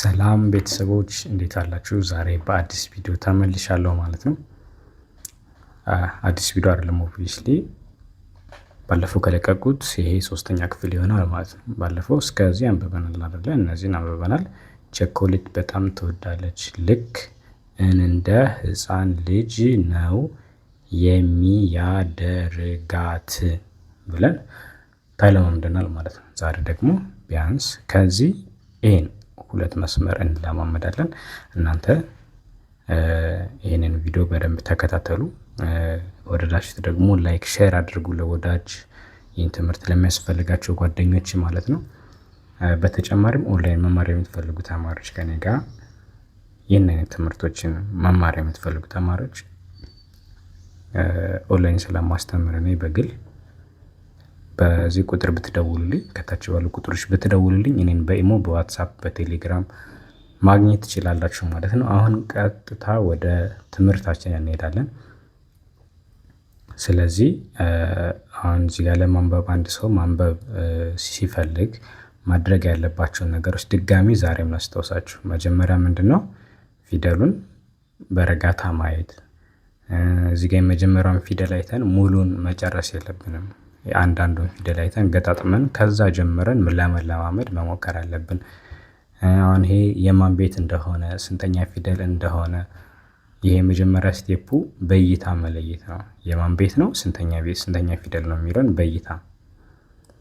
ሰላም ቤተሰቦች እንዴት አላችሁ? ዛሬ በአዲስ ቪዲዮ ተመልሻለሁ ማለት ነው። አዲስ ቪዲዮ አይደለም ኦብቪስሊ፣ ባለፈው ከለቀቁት ይሄ ሶስተኛ ክፍል ይሆናል ማለት ነው። ባለፈው እስከዚህ አንብበናል አይደለ? እነዚህን አንብበናል። ቸኮሌት በጣም ትወዳለች። ልክ እንደ ህፃን ልጅ ነው የሚያደርጋት ብለን ተለማምደናል ማለት ነው። ዛሬ ደግሞ ቢያንስ ከዚህ ነው ሁለት መስመር እንለማመዳለን። እናንተ ይህንን ቪዲዮ በደንብ ተከታተሉ። ወደዳችሁት ደግሞ ላይክ፣ ሼር አድርጉ ለወዳጅ ይህን ትምህርት ለሚያስፈልጋቸው ጓደኞች ማለት ነው። በተጨማሪም ኦንላይን መማር የምትፈልጉ ተማሪዎች ከኔ ጋር ይህን አይነት ትምህርቶችን መማር የምትፈልጉ ተማሪዎች ኦንላይን ስለማስተምር እኔ በግል በዚህ ቁጥር ብትደውሉልኝ ከታች ባሉ ቁጥሮች ብትደውሉልኝ እኔን በኢሞ በዋትሳፕ በቴሌግራም ማግኘት ትችላላችሁ ማለት ነው። አሁን ቀጥታ ወደ ትምህርታችን እንሄዳለን። ስለዚህ አሁን እዚህ ጋር ለማንበብ አንድ ሰው ማንበብ ሲፈልግ ማድረግ ያለባቸውን ነገሮች ድጋሚ ዛሬም ላስታውሳችሁ። መጀመሪያ ምንድን ነው ፊደሉን በእርጋታ ማየት። እዚህ ጋ የመጀመሪያውን ፊደል አይተን ሙሉን መጨረስ የለብንም። አንዳንዱን ፊደል አይተን ገጣጥመን ከዛ ጀምረን ለመለማመድ መሞከር አለብን። አሁን ይሄ የማን ቤት እንደሆነ ስንተኛ ፊደል እንደሆነ ይሄ የመጀመሪያ ስቴፑ በእይታ መለየት ነው። የማን ቤት ነው ስንተኛ ቤት ስንተኛ ፊደል ነው የሚለውን በእይታ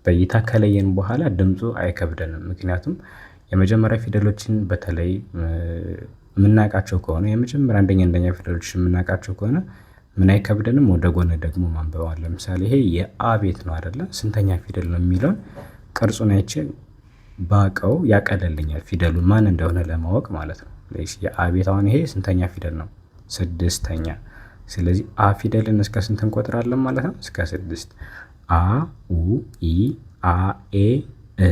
በእይታ ከለየን በኋላ ድምፁ አይከብደንም። ምክንያቱም የመጀመሪያ ፊደሎችን በተለይ የምናውቃቸው ከሆነ የመጀመሪያ አንደኛ አንደኛ ፊደሎችን የምናውቃቸው ከሆነ ምን አይከብደንም። ወደ ጎን ደግሞ ማንበብ ለምሳሌ ይሄ የአ ቤት ነው አይደለ? ስንተኛ ፊደል ነው የሚለውን ቅርጹን አይቼ ባቀው ያቀለልኛል፣ ፊደሉ ማን እንደሆነ ለማወቅ ማለት ነው። የአ አሁን ይሄ ስንተኛ ፊደል ነው? ስድስተኛ። ስለዚህ አ ፊደልን እስከ ስንት እንቆጥራለን ማለት ነው? እስከ ስድስት። አ ኡ ኢ አ ኤ እ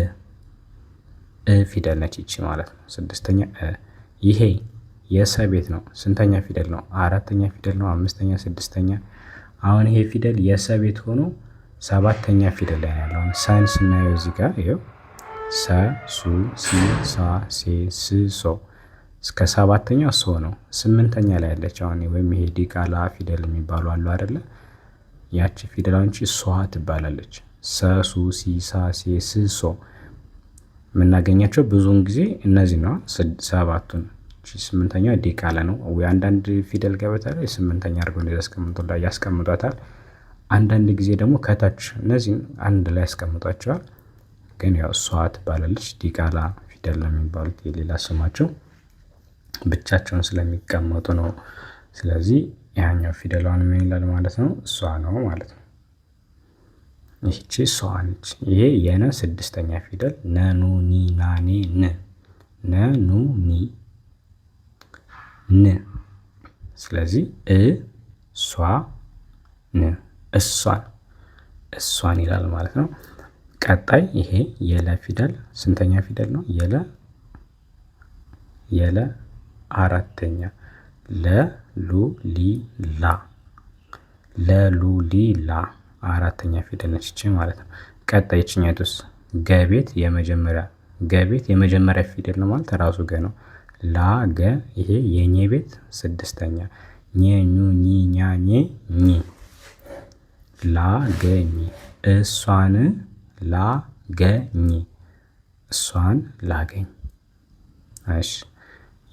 እ ፊደል ነች ይቺ ማለት ነው። ስድስተኛ እ ይሄ የሰ ቤት ነው። ስንተኛ ፊደል ነው? አራተኛ ፊደል ነው። አምስተኛ፣ ስድስተኛ። አሁን ይሄ ፊደል የሰ ቤት ሆኖ ሰባተኛ ፊደል ላይ ያለው ሰን ስናየው እዚህ ጋር ይኸው ሰ፣ ሱ፣ ሲ፣ ሳ፣ ሴ፣ ስ፣ ሶ እስከ ሰባተኛ ሶ ነው። ስምንተኛ ላይ ያለች አሁን ወይም ይሄ ዲቃላ ፊደል የሚባሉ አሉ አይደለ? ያቺ ፊደል አንቺ ሷ ትባላለች። ሰ፣ ሱ፣ ሲ፣ ሳ፣ ሴ፣ ስ፣ ሶ የምናገኛቸው ብዙውን ጊዜ እነዚህ ነው፣ ሰባቱን ስምንተኛው ዲቃላ ነው። አንዳንድ ፊደል ገበታ ላይ ስምንተኛ አድርገው እንደዚህ ላይ ያስቀምጧታል። አንዳንድ ጊዜ ደግሞ ከታች እነዚህም አንድ ላይ ያስቀምጧቸዋል። ግን ያው እሷ ትባላለች ዲቃላ ፊደል ነው የሚባሉት የሌላ ስማቸው ብቻቸውን ስለሚቀመጡ ነው። ስለዚህ ያኛው ፊደሏን ምን ይላል ማለት ነው? እሷ ነው ማለት ነው። ይህቺ እሷ ነች። ይሄ የነ ስድስተኛ ፊደል ነኑኒናኔ ን ነኑኒ ን ስለዚህ እ ሷ ን እሷን እሷን ይላል ማለት ነው። ቀጣይ ይሄ የለ ፊደል ስንተኛ ፊደል ነው? የለ የለ አራተኛ ለ ሉ ሊ ላ ለሉ ሊ ላ አራተኛ ፊደል ነች ይቺ ማለት ነው። ቀጣይ ይችኛቱስ ገቤት የመጀመሪያ ገቤት የመጀመሪያ ፊደል ነው ማለት ራሱ ገ ነው። ላገ ይሄ የኘ ቤት ስድስተኛ ኘ ኙ ኚ ኛ ኘ ኚ ላ እሷን ላገኝ እሷን ላገኝ። እሺ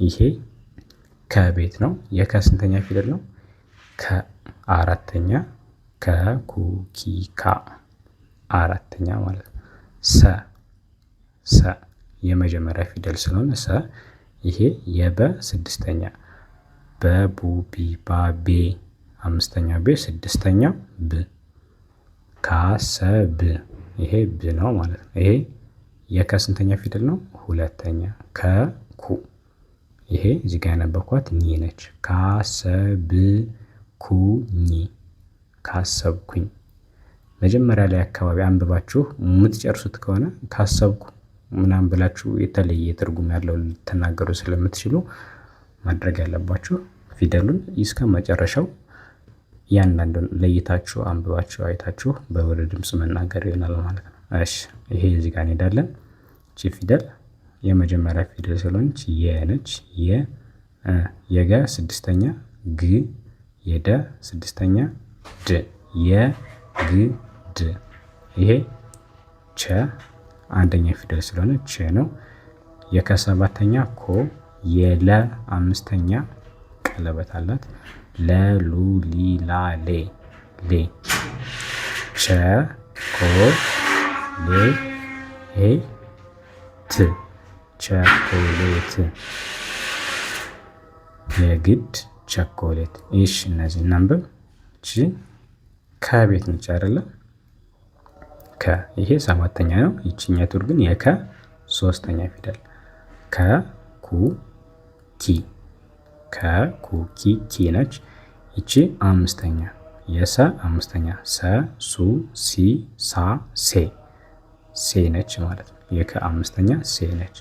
ይሄ ከቤት ነው። የከስንተኛ ፊደል ነው? ከአራተኛ ከኩኪካ አራተኛ ማለት ነው። ሰ ሰ የመጀመሪያ ፊደል ስለሆነ ሰ ይሄ የበ ስድስተኛ በቡ ቢ ባ ቤ አምስተኛው ቤ ስድስተኛው ብ ካሰ ብ ይሄ ብ ነው ማለት ነው። ይሄ የከስንተኛ ፊደል ነው? ሁለተኛ ከኩ ይሄ እዚህ ጋር ያነበኳት ኒ ነች። ኒ ካሰብኩኝ መጀመሪያ ላይ አካባቢ አንብባችሁ የምትጨርሱት ከሆነ ካሰብኩ ምናምን ብላችሁ የተለየ ትርጉም ያለው ልትናገሩ ስለምትችሉ ማድረግ ያለባችሁ ፊደሉን እስከ መጨረሻው እያንዳንዱን ለይታችሁ አንብባችሁ አይታችሁ በወደ ድምፅ መናገር ይሆናል ማለት ነው። እሺ ይሄ እዚህ ጋር እንሄዳለን። ቺ ፊደል የመጀመሪያ ፊደል ስለሆነች የነች የ የገ ስድስተኛ ግ የደ ስድስተኛ ድ የ ግ ድ ይሄ ቸ አንደኛ ፊደል ስለሆነ ቼ ነው። የከሰባተኛ ኮ የለ አምስተኛ ቀለበት አላት። ለሉ ሊላ ሌ ሌ ቸ ኮ ሌ ሄ ት ቸኮሌት የግድ ቸኮሌት። እሺ እነዚህ እናንብብ። ቺ ከቤት ነች አይደለም ከ ይሄ ሰባተኛ ነው። ቱር ግን የከ ሶስተኛ ፊደል ከ ኩ ኪ ከ ኩ ኪ ኪ ነች። ይቺ አምስተኛ የሰ አምስተኛ ሰ ሱ ሲ ሳ ሴ ሴ ነች ማለት ነው። የከ አምስተኛ ሴ ነች።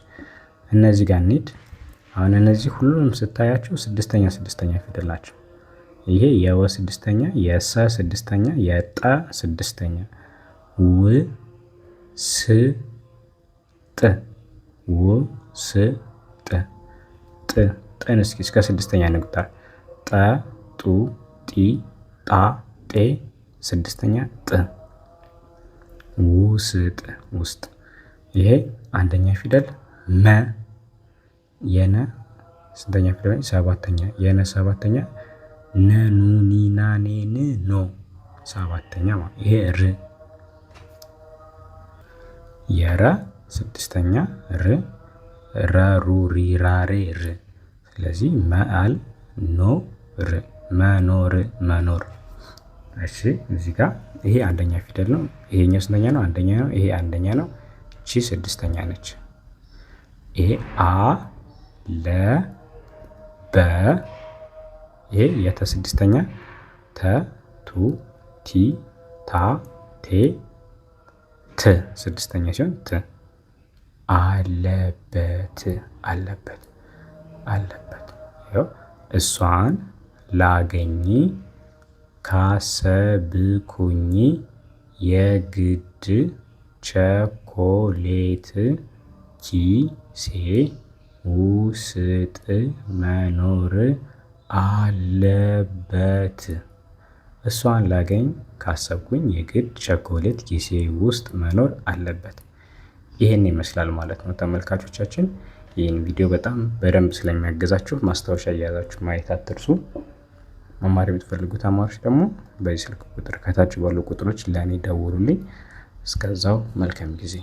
እነዚህ ጋር እንሂድ። አሁን እነዚህ ሁሉንም ስታያቸው ስድስተኛ ስድስተኛ ፊደል ናቸው። ይሄ የወ ስድስተኛ፣ የሰ ስድስተኛ፣ የጠ ስድስተኛ ው ውስጥ ጥ ጥን እስኪ እስከ ስድስተኛ እንቁጠር። ጠ ጡ ጢ ጣ ጤ ስድስተኛ ጥ ውስጥ ውስጥ ይሄ አንደኛ ፊደል መ የነ ስንተኛ ፊደል ሰባተኛ የነ ሰባተኛ ነኑኒናኔን ኖ ሰባተኛ ይሄ ር የረ ስድስተኛ ር ረሩሪራሬ ር። ስለዚህ መአል ኖ ር መኖር መኖር። እሺ እዚህ ጋ ይሄ አንደኛ ፊደል ነው። ይሄኛው ስንተኛ ነው? አንደኛ ነው። ይሄ አንደኛ ነው። ቺ ስድስተኛ ነች። ይሄ አ ለ በ ይሄ የተ ስድስተኛ ተ ቱ ቲ ታ ቴ ት ስድስተኛ ሲሆን ት አለበት አለበት አለበት ይኸው እሷን ላገኝ ካሰብኩኝ የግድ ቸኮሌት ኪሴ ውስጥ መኖር አለበት። እሷን ላገኝ ካሰብኩኝ የግድ ቸኮሌት ኪሴ ውስጥ መኖር አለበት። ይህን ይመስላል ማለት ነው ተመልካቾቻችን። ይህን ቪዲዮ በጣም በደንብ ስለሚያገዛችሁ ማስታወሻ እያያዛችሁ ማየት አትርሱ። መማር የምትፈልጉ ተማሪዎች ደግሞ በዚህ ስልክ ቁጥር ከታች ባሉ ቁጥሮች ለእኔ ደውሉልኝ። እስከዛው መልካም ጊዜ